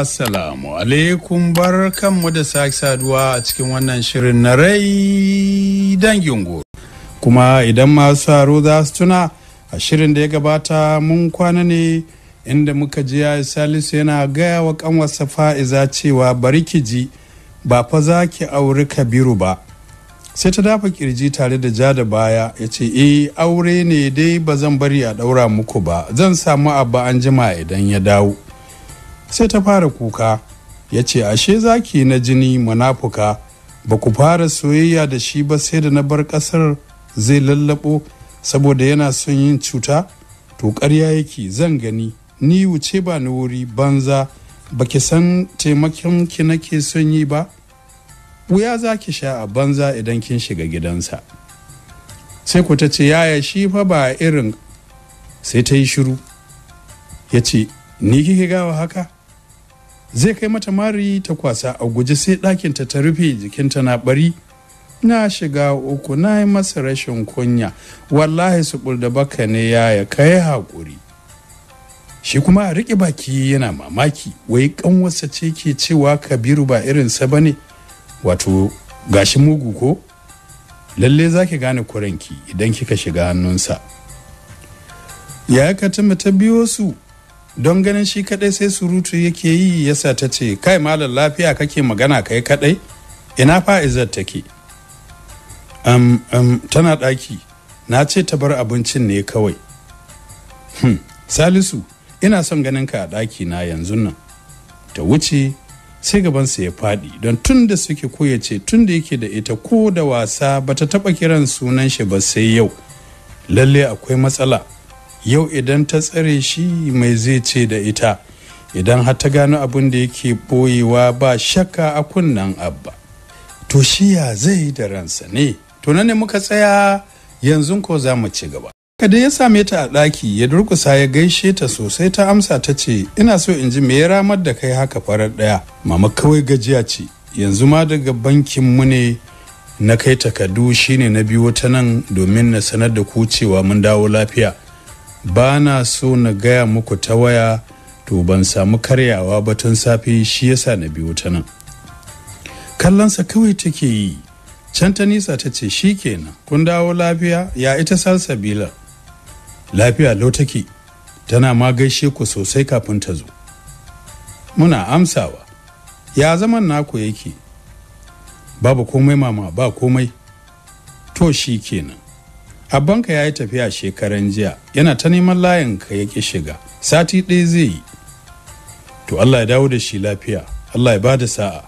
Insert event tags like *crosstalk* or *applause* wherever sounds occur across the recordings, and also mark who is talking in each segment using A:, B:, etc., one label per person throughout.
A: Assalamu alaikum bar kanmu da sake saduwa a cikin wannan shirin na rai dangin goro. Kuma idan masu saro za su tuna a shirin da ya gabata mun kwana ne inda muka ji ya salisu yana gaya wa kanwarsa fa'iza cewa bari ki ji ba fa za ki auri kabiru ba. Sai ta dafa kirji tare da ja da baya ya ce eh aure ne dai ba zan bari a ɗaura muku ba zan samu abba an jima idan ya dawo. sai ta fara kuka ya ce ashe zaki na jini munafuka ba ku fara soyayya da shi ba sai da na bar ƙasar zai lallabo saboda yana son yin cuta to ƙarya yake zan gani ni wuce ba ni wuri banza ba ki san taimakon ki nake son yi ba wuya za ki sha a banza idan kin shiga gidansa sai ku ta ce yaya shi fa ba irin sai ta yi shiru ya ce ni kike gawa haka zai kai mata mari ta kwasa a guji sai ɗakin ta rufe jikinta na bari na shiga uku na yi masa rashin kunya wallahi su da baka ne ya ya kai haƙuri shi kuma a riƙe baki yana mamaki wai ƙanwarsa ce ke cewa kabiru ba irinsa ba ne wato gashi mugu ko lalle za ki gane kuranki idan kika shiga hannunsa ya ka ta biyo su don ganin shi kadai sai surutu yake yi yasa ta ce kai malam lafiya kake magana kai kadai ina fa izzat take um, um, tana daki na ce ta bar abincin ne kawai hmm. salisu ina son ganin ka a daki na yanzu nan ta wuce sai gabansa ya faɗi don tunda suke koya ce tun yake da ita ko da wasa bata taɓa kiran sunan shi ba sai yau lalle akwai matsala yau idan ta tsare shi mai zai ce da ita idan har ta gano abin da yake boyewa ba shakka a kunnan abba to shi ya zai da ransa ne to ne muka tsaya yanzu ko za mu ci gaba kada ya same ta a ɗaki ya durkusa ya gaishe ta sosai ta amsa ta ce ina so in ji me ya ramar da kai haka farar ɗaya mama kawai gajiya ce yanzu ma daga bankin mu ne na kai takardu shine na biyo ta nan domin na sanar da ku cewa mun dawo lafiya ba na so na gaya muku ta waya to ban samu karyawa ba tun safe shi yasa na biyo ta nan kallonsa kawai take yi can ta nisa ta ce shi kenan kun dawo lafiya ya ita salsabila lafiya lau take tana ma gaishe ku sosai kafin ta zo muna amsawa ya zaman naku yake babu komai mama ba komai to shi kenan abbanka ya yi tafiya shekaran jiya yana ta neman layin ka ya ki shiga sati ɗaya zai yi to allah ya dawo da shi lafiya allah ya ba da sa'a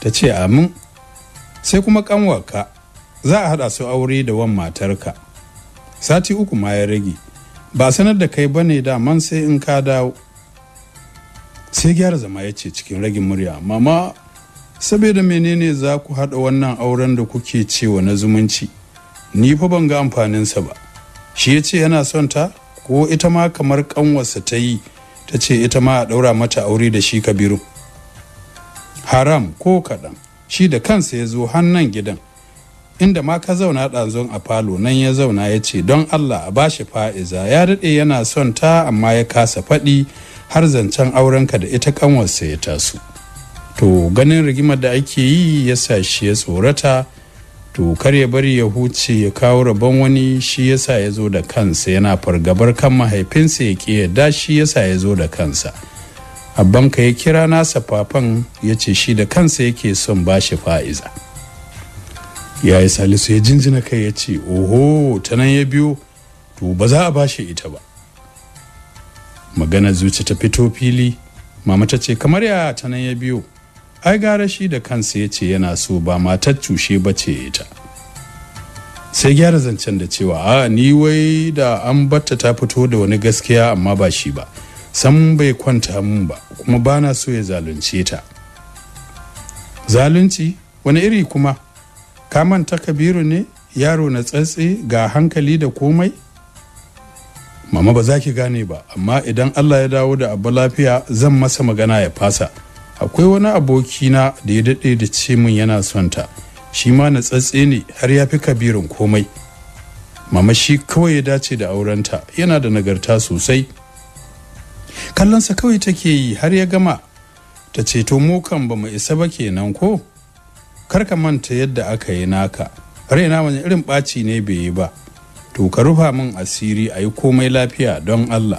A: ta ce amin sai kuma kanwarka za a haɗa su aure da wan matarka sati uku ma ya rage ba sanar da kai bane daman sai in ka dawo sai gyara zama ya ce cikin ragin murya mama saboda menene za ku haɗa wannan auren da kuke cewa na zumunci ni fa ban ga amfaninsa ba shi ya ce yana son ta ko ita ma kamar kanwarsa ta yi ta ce ita ma a ɗaura mata aure da shi kabiru haram ko kaɗan shi da kansa ya zo hannan gidan inda ma ka zauna ɗazon a falo nan ya zauna ya ce don allah a bashi fa'iza ya daɗe yana son ta amma ya kasa faɗi har zancen aurenka da ita kanwarsa ya tasu to ganin rigimar da ake yi ya sa shi ya tsorata to kar ya bari ya huce ya kawo rabon wani shi yasa ya zo da kansa yana fargabar kan mahaifinsa ya ƙi yadda shi yasa ya zo da kansa abbanka ya kira nasa fafan ya ce shi da kansa yake son ba shi fa'iza ya yi salisu ya jinjina kai ya ce oho ta nan ya biyo to ba za a ba shi ita ba magana zuci ta fito fili mama ta ce kamar ya ta nan ya biyo ai gara shi da kansa ya ce yana so ba matar cushe ba ce ita sai gyara zancen da cewa a ni wai da an batta ta fito da wani gaskiya amma ba shi ba san bai kwanta mun ba kuma ba na so ya zalunce ta zalunci wani iri kuma ta kabiru ne yaro na tsatse ga hankali da komai mama ba za ki gane ba amma idan allah ya dawo da abu lafiya zan masa magana ya fasa akwai wani abokina da ya daɗe da ce min yana son ta shi ma tsatse ne har ya fi kabirin komai mama shi kawai ya dace da aurenta yana da nagarta sosai kallonsa kawai take yi har ya gama ta ceto mokan ba mu isa ba kenan ko kar ka manta yadda aka yi naka raina wani irin ɓaci ne bai yi ba to ka rufa min asiri a yi komai lafiya don allah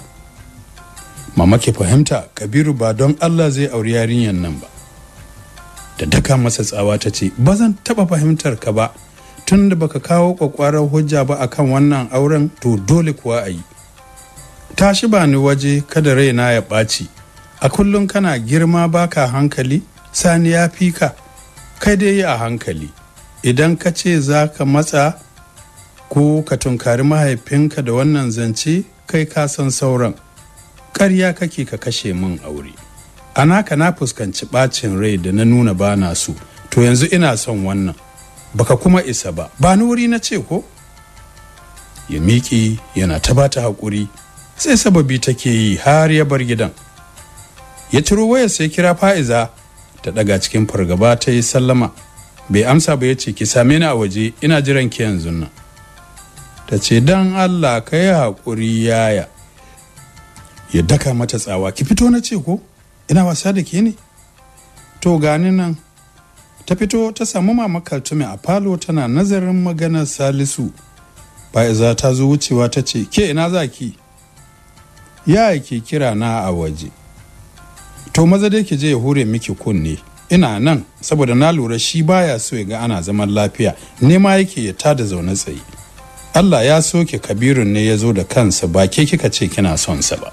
A: mama ke fahimta kabiru ba don allah zai auri yarinyar nan ba da daka masa tsawa ta ce ba zan taba fahimtar ka ba tun da baka kawo kwakwarar hujja ba akan wannan auren to dole kuwa a yi tashi ba ni waje kada raina ya ɓaci a kullum kana girma baka hankali sani ya fi ka kai dai yi a hankali idan ka ce za ka matsa ko ka tunkari mahaifinka da wannan zance kai ka san sauran ƙarya kake ka kashe min aure a naka na fuskanci ɓacin rai da na nuna ba na so to yanzu ina son wannan baka kuma isa ba ba ni wuri na ce ko ya miƙi yana ta bata haƙuri sai sababi take yi har ya bar gidan ya ciro waya sai kira fa'iza ta daga cikin fargaba ta yi sallama bai amsa ba ya ce ki same ni a waje ina jiran ki yanzu nan ta ce don allah ka yi haƙuri yaya ya daka mata tsawa ki fito na ce ko ina wasa da ke ne to gani nan ta fito ta samu mama kaltume a falo tana nazarin maganar salisu za ta zo wucewa ta ce ke ina za ki ya ke kira na a waje to maza dai ki je ya hure miki kunne ina nan saboda na lura shi baya so ya ga ana zaman lafiya nema yake ya tada zaune tsaye Allah ya soke kabirun ne ya zo da kansa ba ke kika ce kina son sa ba.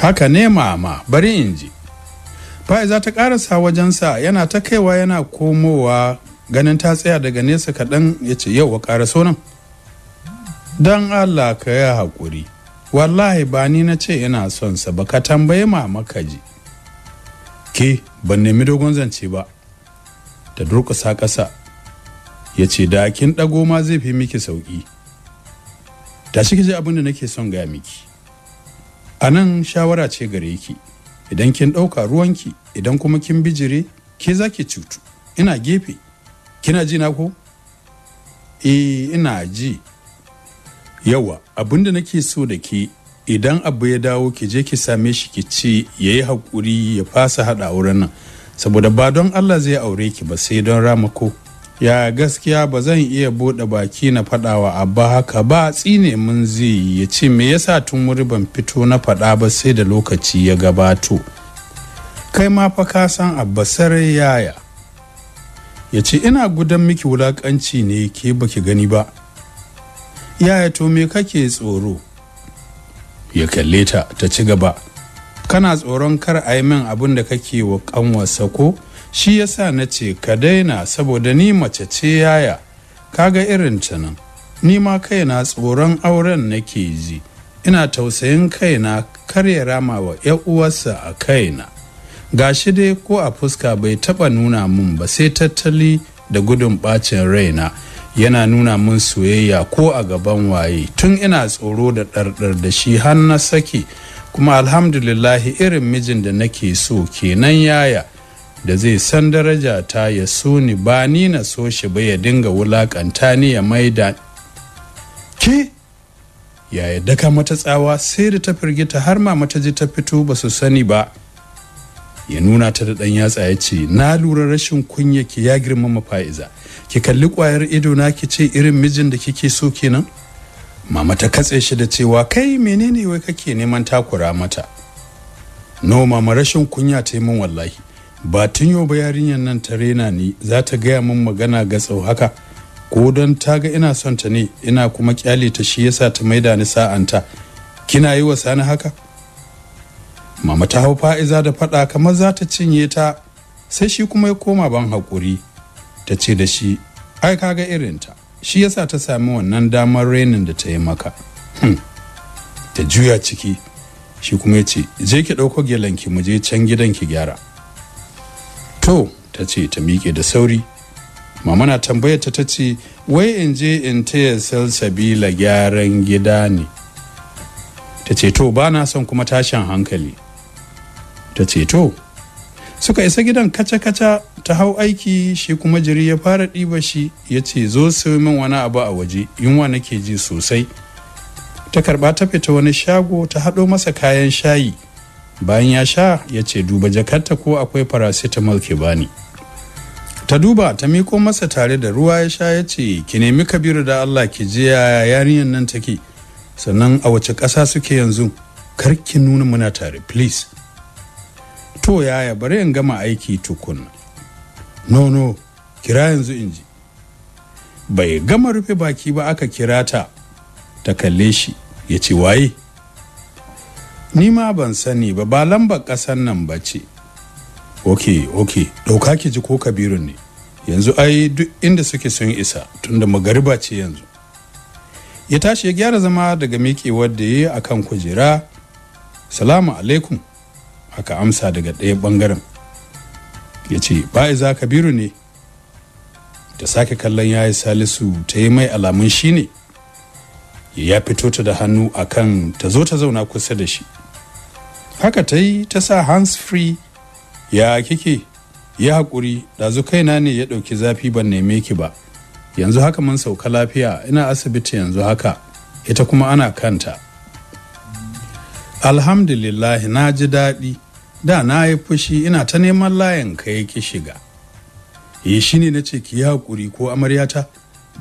A: haka ne mama bari in ji fa'iza ta karasa wajensa yana ta kaiwa yana komowa ganin ta tsaya daga nesa kaɗan ya ce yau wa ƙara nan don allah ka yi haƙuri wallahi ba ni na ce yana son sa ba ka tambaye mama ka ji ke ban nemi dogon zance ba ta durƙusa ƙasa ya ce da kin ɗago ma zai fi miki sauƙi tashi ki ji abin da nake son ga miki a nan shawara ce gare ki idan kin ɗauka ruwanki idan kuma kin bijire ke za ki cutu ina gefe kina ji na ko e ina ji yawa da nake so da ke idan abu ya dawo ki je ki same shi ki ce ya yi haƙuri ya fasa haɗa auren nan saboda ba don allah zai aure ki ba sai don ramako ya gaskiya ba zan iya bude baki na fadawa abba haka ba tsine mun zai ya ce me yasa tun wuri ban fito na fada ba sai da lokaci ya gabato kai ma fa ka san abba sarai yaya ya ce ina gudan miki wulakanci ne ke baki gani ba yaya to me kake tsoro ya kalle ta ta ci gaba kana tsoron kar a yi min abin da kake wa kanwa ko shi yasa na ce ka daina saboda ni mace ce yaya kaga irin ta nan ni ma kaina tsoron auren nake ji ina tausayin kaina kar ya rama wa ‘yan uwarsa a kaina gashi dai ko a fuska bai taba nuna mun ba sai tattali da gudun bacin raina yana nuna mun soyayya ko a gaban waye tun ina tsoro da ɗarɗar da shi har na saki kuma alhamdulillahi irin mijin da nake so kenan yaya da zai san daraja ta ya so ni ba ni na so shi ba ya dinga wulakanta ni ya maida ke yaya daka mata tsawa sai da ta firgita har ma mata ji ta fito ba su sani ba ya nuna ta da ɗan yatsa ya ce na lura rashin kunya ki ya girmama fa'iza ki kalli kwayar ido na ki ce irin mijin da kike so kenan mama ta katse shi da cewa kai menene wai kake neman takura mata no mama rashin kunya ta yi min wallahi ba tun yau ba yarinyar nan ta rena ni za ta gaya min magana ga tsau haka ko don ta ga ina son ta ne ina kuma kyale ta shi yasa ta maida ni sa'anta kina yi wa sani haka mama ta hau fa'iza da faɗa kamar za ta cinye ta sai shi kuma ya koma ban haƙuri ta ce da shi ai irin ta." shi yasa ta sami wannan damar renin da ta yi maka hmm. ta juya ciki shi kuma ya ce je ki ɗauko gelanki mu je can gidan ki gyara to ta ce ta miƙe da sauri mama na tambayar ta ce wai in je in taya salsabila gyaran gida ne ta ce to ba na son kuma tashin hankali ta ce to suka isa gidan kaca-kaca ta hau aiki shi kuma jiri ya fara ɗiba shi ya ce zo su min wani abu a waje yunwa nake ji sosai ta karɓa ta fita wani shago ta haɗo masa kayan shayi bayan ya sha ya ce duba jakarta ko akwai paracetamol ke bani ta duba ta miko masa tare da ruwa ya sha ya ce ki nemi kabiru da allah ki je yaya yarinyar nan take sannan a wace ƙasa suke yanzu kar ki nuna muna tare please to yaya bari in gama aiki tukun no no kira yanzu in ji bai gama rufe baki ba aka kira ta ta kalle shi ya ce waye ni ma ban sani ba ba lambar ƙasar nan ba ce ok ok ɗauka ki ji ko kabirun ne yanzu ai duk inda suke sun isa tunda magariba ce yanzu ya tashi ya gyara zama daga miƙewar da ya yi a kan kujera salamu alaikum aka amsa daga ɗaya ɓangaren ya ce za kabiru ne ta sake kallon yayi salisu ta mai alamun shi ne ya fito ta da hannu akan ta zo ta zauna kusa da shi haka ta yi ta sa hands free ya kike ya haƙuri ɗazu kaina ne ya ɗauki zafi ban neme ki ba yanzu haka mun sauka lafiya ina asibiti yanzu haka ita kuma ana kanta alhamdulillah na ji daɗi da na yi fushi ina ta neman layin ka yake shiga yi eh, shi ne na ce ki yi haƙuri ko amaryata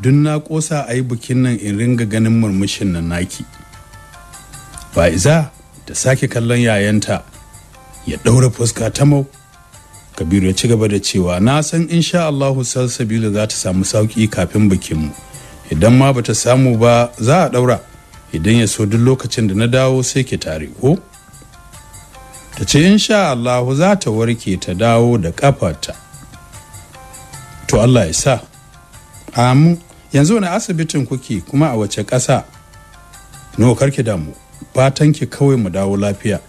A: dun na kosa a yi bikin nan in ringa ganin murmushin nan naki fa'iza ta sake kallon yayanta ya ɗaura fuska ta mau kabiru ya ci gaba da cewa na san in sha allahu salsabilu za ta samu sauki kafin bikinmu idan ma bata samu ba za a ɗaura idan ya so duk lokacin da na dawo sai ke tare ko ta ce in sha allahu za ta warke ta dawo da ƙafarta to allah ya sa amin yanzu wani asibitin kuke kuma a wace ƙasa no karki damu fatan ki kawai mu dawo lafiya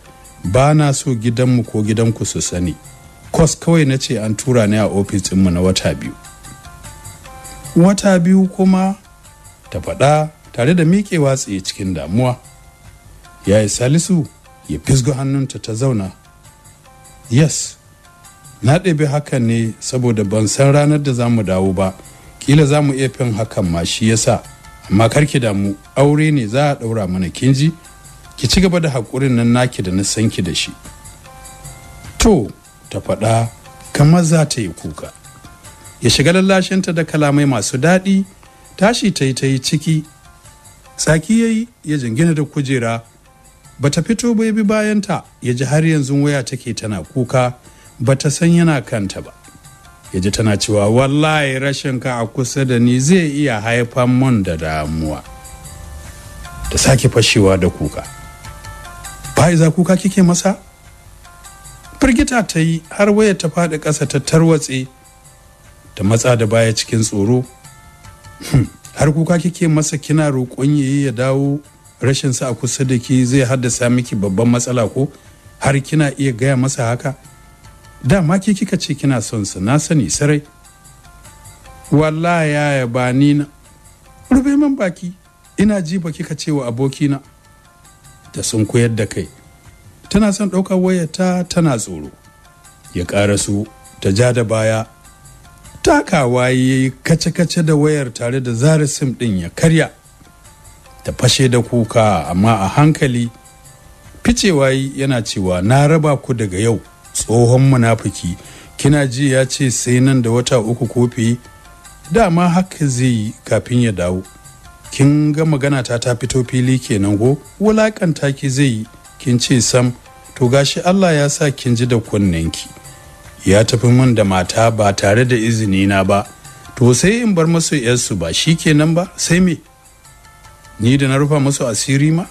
A: ba na so gidanmu ko gidanku su sani kos kawai na ce an tura ni a ofis mu na wata biyu wata biyu kuma ta faɗa tare da miƙewa tsaye cikin damuwa ya yi salisu ya fisgo hannunta ta zauna yes na ɗabi hakan ne saboda ban san ranar da za mu dawo ba kila za mu iya fin hakan ma shi yasa amma ki damu aure ne za a daura mana kinji ki ci gaba da haƙurin nan naki da na san ki da shi to ta faɗa kamar za ta yi kuka ya shiga lallashinta da kalamai masu daɗi tashi ta yi ta yi ciki tsaki ya yi ya jingina da kujera bata fito bai bi bayanta ya ji har yanzu waya take tana kuka bata san yana kanta ba ya ji tana cewa wallahi rashin ka a kusa da ni zai iya haifan mun da damuwa da sake fashewa da kuka fa'iza kuka kike masa firgita ta yi har waya ta faɗi ƙasa ta tarwatse ta matsa da baya cikin tsoro hmm, har kuka kike masa kina roƙon yayi ya dawo rashinsa a kusa da ki zai haddasa miki babban matsala ko har kina iya gaya masa haka dama ke kika ce kina son su na sani sarai wallahi yaya ba ni na rufe man baki ina ji ba kika ce wa abokina ta sun koyar da kai tana son ɗaukar wayata tana tsoro ya su ta ja da baya takawa ya yi kace-kace da wayar tare da zara sim ɗin ya karya ta fashe da kuka amma a hankali ficewa yana cewa na raba ku daga yau tsohon munafiki kina ji ya ce sai nan da wata uku ko dama haka zai yi kafin ya dawo kin ga magana ta ta fito fili kenan go wulakanta ki zai yi kin ce sam to gashi Allah ya sa kin ji da kunnenki ya tafi mun da mata ba tare da izini na ba to sai in bar masu yarsu ba shi kenan ba sai me ni da na rufa masu asiri ma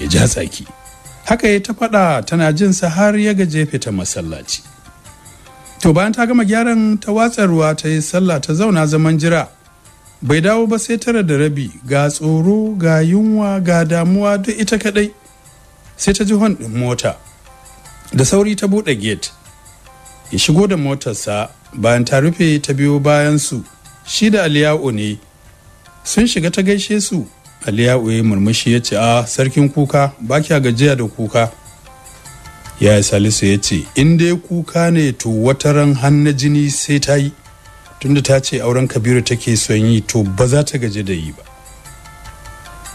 A: ya ja tsaki haka ya ta faɗa tana jin sa har ya ga jefe ta masallaci to bayan ta gama gyaran ta watsarwa ta yi sallah ta zauna zaman jira bai dawo ba sai tara da rabi ga tsoro ga yunwa ga damuwa duk ita kadai sai ta ji ɗin mota da sauri ta buɗe gate ya shigo da motarsa bayan ta rufe ta biyo bayan su shi da aliyawo ne sun shiga ta gaishe su ali ya murmushi ya ce a sarkin kuka ba kya gajiya da kuka ya yi salisu ya ce in dai kuka ne to wata ran hannu jini sai ta yi tunda ta ce auren kabiru take son yi to ba za ta gaji da yi ba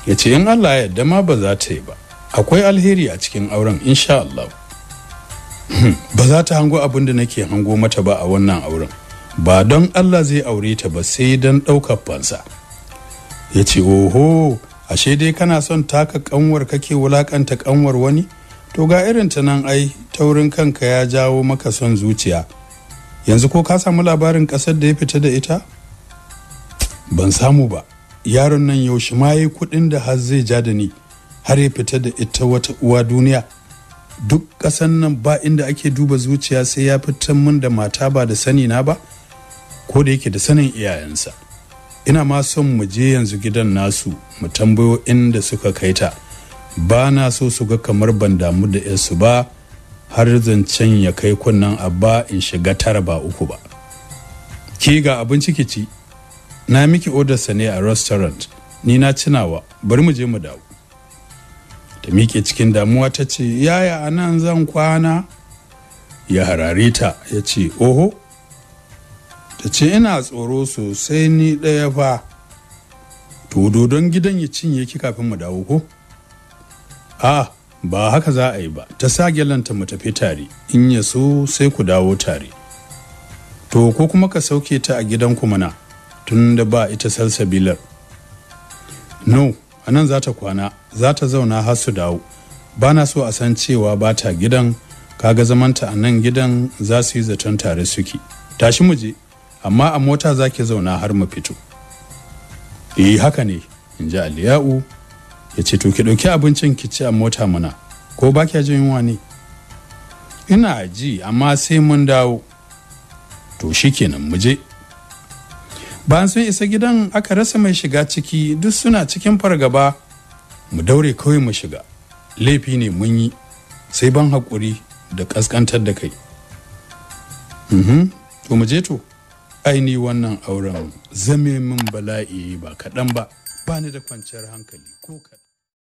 A: ya ce in allah ya yarda ba za ta yi ba akwai alheri a cikin auren insha allah *laughs* ba za ta hango abin da nake hango mata ba a wannan auren ba don allah zai aure ta ba sai don ɗaukar fansa ya ce oho ashe dai kana son taka kanwar kake wulakanta kanwar wani to ga irin ta nan ai taurin kanka ya jawo maka son zuciya yanzu ko ka samu labarin kasar da ya fita da ita ban samu ba yaron nan yaushe ma yi kudin da har zai ja da ni har ya fita da ita wata uwa duniya duk ƙasan nan ba inda ake duba zuciya sai ya fitan min da mata ba da sani na ba ko da yake da sanin iyayensa ina ma son mu je yanzu gidan nasu mu tambayo inda suka kai ta ba na so su ga kamar ban damu da yansu ba har zancen ya kai kunnan abba in shiga tara ba uku ba ki ga abin ciki ci na miki sa ne a restaurant ni na cinawa bari mu je mu dawo ta miƙe cikin damuwa ta ce yaya anan zan kwana ya harare ta ya ce oho ta ce ina tsoro sosai ni ɗaya fa to dodon gidan ya cinye ki kafin mu dawo ko a ba haka za a yi ba ta sa gyalanta mu tafi tare in ya so sai ku dawo tare to ko kuma ka sauke ta a gidan mana tun da ba ita salsabilar no a nan za ta kwana za ta zauna har su dawo ba na so a san cewa ba ta gidan kaga zamanta a nan gidan za su yi zaton tare suke tashi mu je amma a mota za zauna har mu fito eh haka ne in ji aliya'u ya ce to ki ɗauki abincin ki ci a mota mana ko ba ki jin yunwa ne ina ji amma sai mun dawo to shikenan mu je bayan sun isa gidan aka rasa mai shiga ciki duk suna cikin fargaba mu daure kawai mu shiga laifi ne mun yi sai ban haƙuri da ƙasƙantar da kai mhm. to mu je to aini wannan auren zame min bala'i ba kaɗan ba ba ni da kwanciyar hankali ko kaɗan